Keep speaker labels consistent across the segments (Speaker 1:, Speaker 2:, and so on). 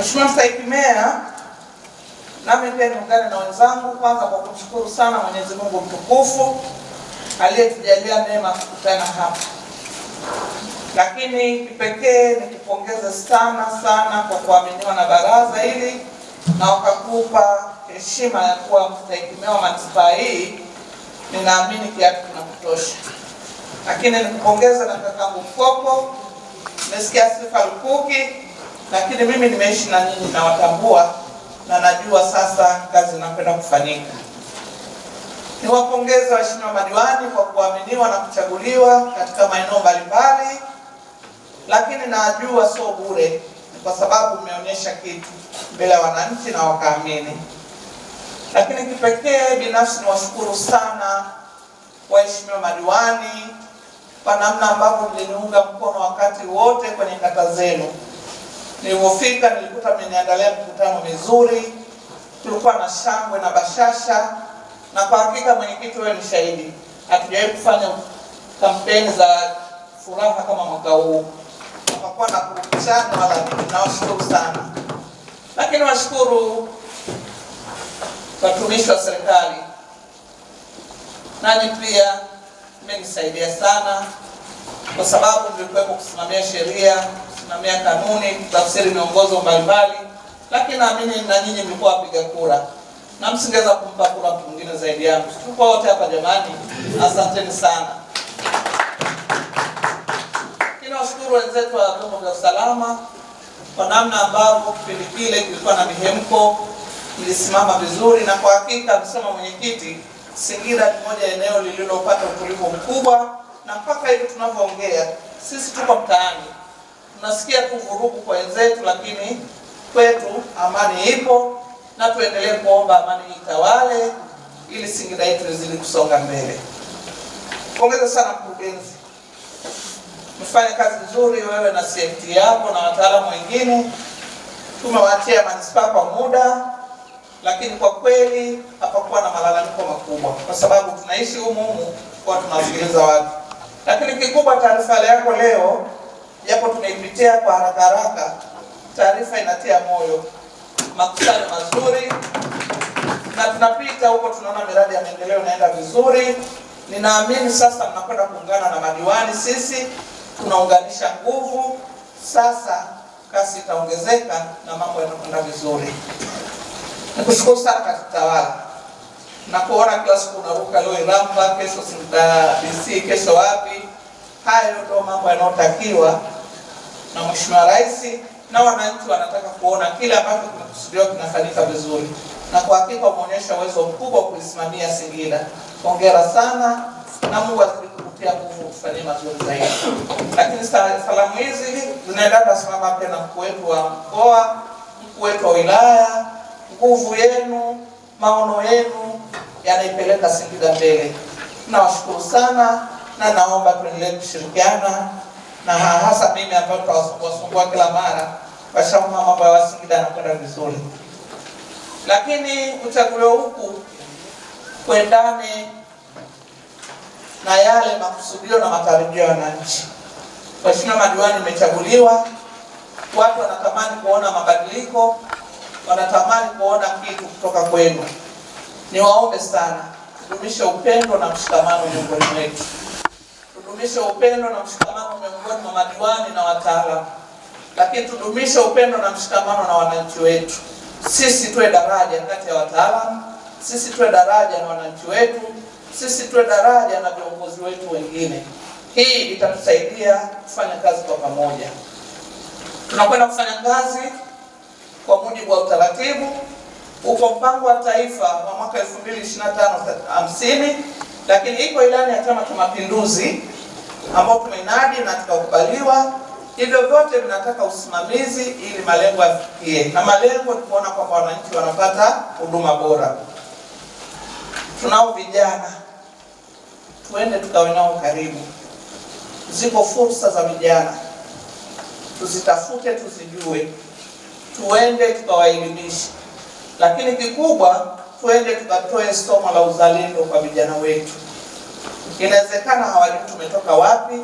Speaker 1: Mheshimiwa Mstahiki Meya, nami pia niungane na wenzangu kwanza kwa kumshukuru sana Mwenyezi Mungu mtukufu aliyetujalia neema kukutana hapa, lakini kipekee nikupongeze sana sana kwa kuaminiwa na baraza hili na ukakupa heshima ya kuwa Mstahiki Meya wa manispaa hii. Ninaamini kiatu kinakutosha, lakini nikupongeze na kakangu Mkopo, nimesikia Sifa Lukuki lakini mimi nimeishi na nyinyi, nawatambua na najua sasa kazi inakwenda kufanyika. Niwapongeze waheshimiwa madiwani kwa kuaminiwa na kuchaguliwa katika maeneo mbalimbali, lakini najua sio bure, kwa sababu mmeonyesha kitu mbele ya wananchi na wakaamini. Lakini kipekee binafsi niwashukuru sana waheshimiwa madiwani kwa namna ambavyo mliniunga mkono wakati wote kwenye kata zenu. Nilipofika nilikuta mmeniandalia mkutano mizuri, tulikuwa na shangwe na bashasha, na kwa hakika mwenyekiti, wewe ni shahidi, hatujawahi kufanya kampeni za furaha kama mwaka huu, akakuwa na kurukushana wala nini. Nawashukuru sana, lakini washukuru watumishi wa serikali, nanyi pia mmenisaidia sana, kwa sababu nilikuwepo kusimamia sheria tunasimamia kanuni, tafsiri miongozo mbalimbali, lakini naamini na nyinyi mlikuwa wapiga kura na msingeweza kumpa kura mtu mwingine zaidi yangu. Tuko wote hapa jamani, asanteni sana. Ninawashukuru wenzetu wa vyombo vya usalama kwa namna ambavyo kipindi kile kilikuwa na mihemko, ilisimama vizuri, na kwa hakika amesema mwenyekiti, Singida ni moja eneo lililopata utulivu mkubwa, na mpaka hivi tunavyoongea sisi tuko mtaani tunasikia tu vurugu kwa wenzetu, lakini kwetu amani ipo, na tuendelee kuomba amani itawale ili Singida yetu izidi kusonga mbele. Pongeza sana mkurugenzi, mfanye kazi nzuri wewe na CMT yako na wataalamu wengine. Tumewatia manispaa kwa muda, lakini kwa kweli hapakuwa na malalamiko makubwa, kwa sababu tunaishi humu humu kwa tunasikiliza watu, lakini kikubwa taarifa yako leo japo tunaipitia kwa haraka haraka, taarifa inatia moyo, makutano mazuri, na tunapita huko tunaona miradi ya maendeleo inaenda vizuri. Ninaamini sasa mnakwenda kuungana na madiwani, sisi tunaunganisha nguvu sasa, kasi itaongezeka na mambo yanakwenda vizuri. Nikushukuru sana katibu tawala, nakuona kila siku unaruka, leo Iramba, kesho DC, kesho wapi. Hayo ndio mambo yanayotakiwa na Mheshimiwa Rais na wananchi wanataka kuona kila ambacho kinakusudiwa kinafanyika vizuri, na kwa hakika umeonyesha uwezo mkubwa wa kulisimamia Singida. Hongera sana na Mungu azikutia nguvu kufanyia mazuri zaidi. Lakini salamu hizi zinaenda kusimama pia na mkuu wetu wa mkoa, mkuu wetu wa wilaya. Nguvu yenu, maono yenu yanaipeleka Singida mbele. Nawashukuru sana na naomba tuendelee kushirikiana na hasa mimi ambayo tunawasumbua kila mara, washaona mambo ya Wasingida anakwenda vizuri, lakini uchaguliwa huku kwendane na yale makusudio na matarajio ya wananchi. Waheshimiwa madiwani, umechaguliwa, watu wanatamani kuona mabadiliko, wanatamani kuona kitu kutoka kwenu. Niwaombe sana, tudumishe upendo na mshikamano miongoni mwetu, tudumishe upendo na mshikamano miongoni mwa madiwani na wataalamu, lakini tudumishe upendo na mshikamano na wananchi wetu. Sisi tuwe daraja kati ya wataalamu, sisi tuwe daraja na wananchi wetu, sisi tuwe daraja na viongozi wetu wengine. Hii itatusaidia kufanya kazi kwa pamoja. Tunakwenda kufanya kazi kwa mujibu wa utaratibu. Uko mpango wa taifa wa mwaka 2025 50, lakini iko ilani ya Chama cha Mapinduzi ambao tumeinadi na tukakubaliwa. Hivyo vyote vinataka usimamizi ili malengo yafikie, na malengo ni kuona kwamba wananchi wanapata huduma bora. Tunao vijana, tuende tukawe nao karibu. Ziko fursa za vijana, tuzitafute, tuzijue, tuende tukawaelimisha, lakini kikubwa tuende tukatoe somo la uzalendo kwa vijana wetu. Inawezekana hawajui tumetoka wapi,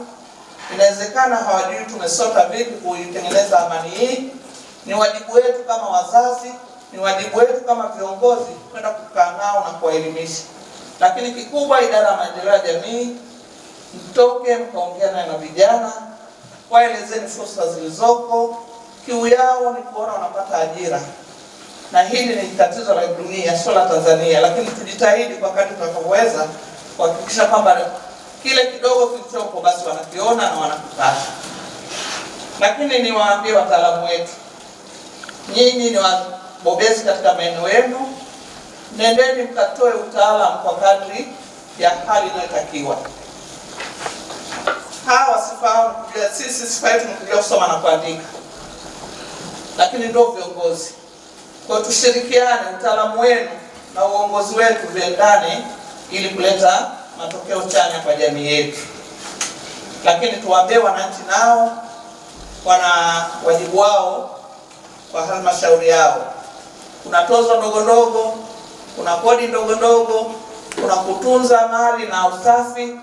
Speaker 1: inawezekana hawajui tumesota vipi kuitengeneza amani hii. Ni wajibu wetu kama wazazi, ni wajibu wetu kama viongozi kwenda kukaa nao na kuwaelimisha, lakini kikubwa, idara ya maendeleo ya jamii, mtoke mkaongea naye na vijana, waelezeni fursa zilizoko. Kiu yao ni kuona wanapata ajira, na hili ni tatizo la dunia, sio la Tanzania, lakini tujitahidi kwa kadri tunavyoweza kuhakikisha kwamba kile kidogo kilichopo basi wanakiona na wanakupata. Lakini niwaambie wataalamu wetu, nyinyi ni wabobezi katika maeneo yenu, nendeni mkatoe utaalamu kwa kadri ya hali inayotakiwa. Hawa sifahamu sisi, sifai tumekuja kusoma na kuandika, lakini ndio viongozi. Kwa tushirikiane, utaalamu wenu na uongozi wetu viendane ili kuleta matokeo chanya kwa jamii yetu. Lakini tuwaambie wananchi nao wana wajibu wao kwa halmashauri yao. Kuna tozo ndogo ndogo, kuna kodi ndogo ndogo, kuna kutunza mali na usafi.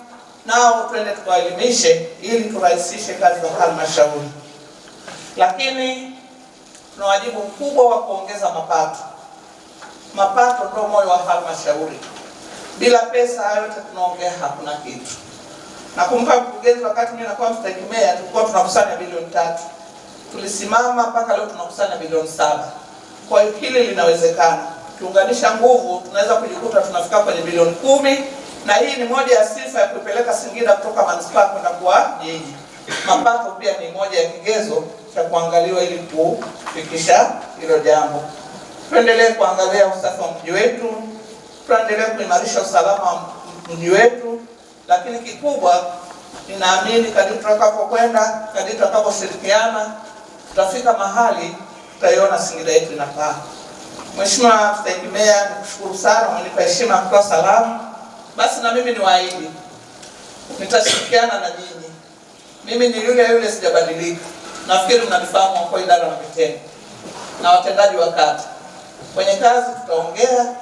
Speaker 1: Nao twende tukawaelimishe ili turahisishe kazi za halmashauri. Lakini tuna wajibu mkubwa wa kuongeza mapato. Mapato ndio moyo wa halmashauri. Bila pesa hayo yote tunaongea hakuna kitu. Nakumbuka mkurugenzi, wakati mimi nakuwa mstakimea, tulikuwa tunakusanya bilioni tatu, tulisimama mpaka leo tunakusanya bilioni saba. Kwa hiyo hili linawezekana, tuunganisha nguvu, tunaweza kujikuta tunafika kwenye bilioni kumi, na hii ni moja ya sifa ya kupeleka Singida kutoka manispaa kwenda kuwa jiji. Mapato pia ni moja ya kigezo cha kuangaliwa ili kufikisha hilo jambo. Tuendelee kuangalia usafi wa mji wetu tuendelee kuimarisha usalama wa mji wetu, lakini kikubwa ninaamini kadri tutakapokwenda, kadri tutakaposhirikiana, tutafika mahali tutaiona Singida yetu inapaa. Mheshimiwa Stahiki Meya, nikushukuru sana, umenipa heshima kutoa salamu. Basi na mimi niwaahidi nitashirikiana na nyinyi. Mimi ni yule yule, sijabadilika. Nafikiri mnanifahamu kwa idara na vitengo na watendaji wa kata, kwenye kazi tutaongea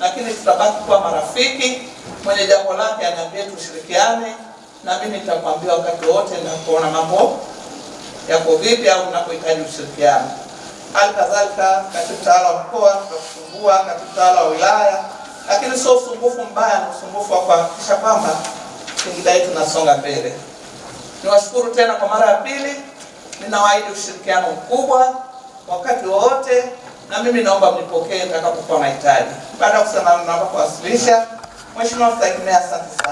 Speaker 1: lakini tutabaki kuwa marafiki. Mwenye jambo lake anaambia tushirikiane, na mimi nitakwambia wakati wote napoona mambo yako vipi au unapohitaji ushirikiano. Hali kadhalika katibu tawala wa mkoa tutakusumbua, katibu tawala wa wilaya, lakini sio usumbufu mbaya, ni usumbufu wa kuhakikisha kwamba Singida hii nasonga mbele. Niwashukuru tena kwa mara ya pili, ninawaahidi ushirikiano mkubwa wakati wowote na mimi naomba mnipokee nitakapokuwa mahitaji. Baada ya kusema naomba kuwasilisha, Mheshimiwa Mstahiki Meya, asante sana.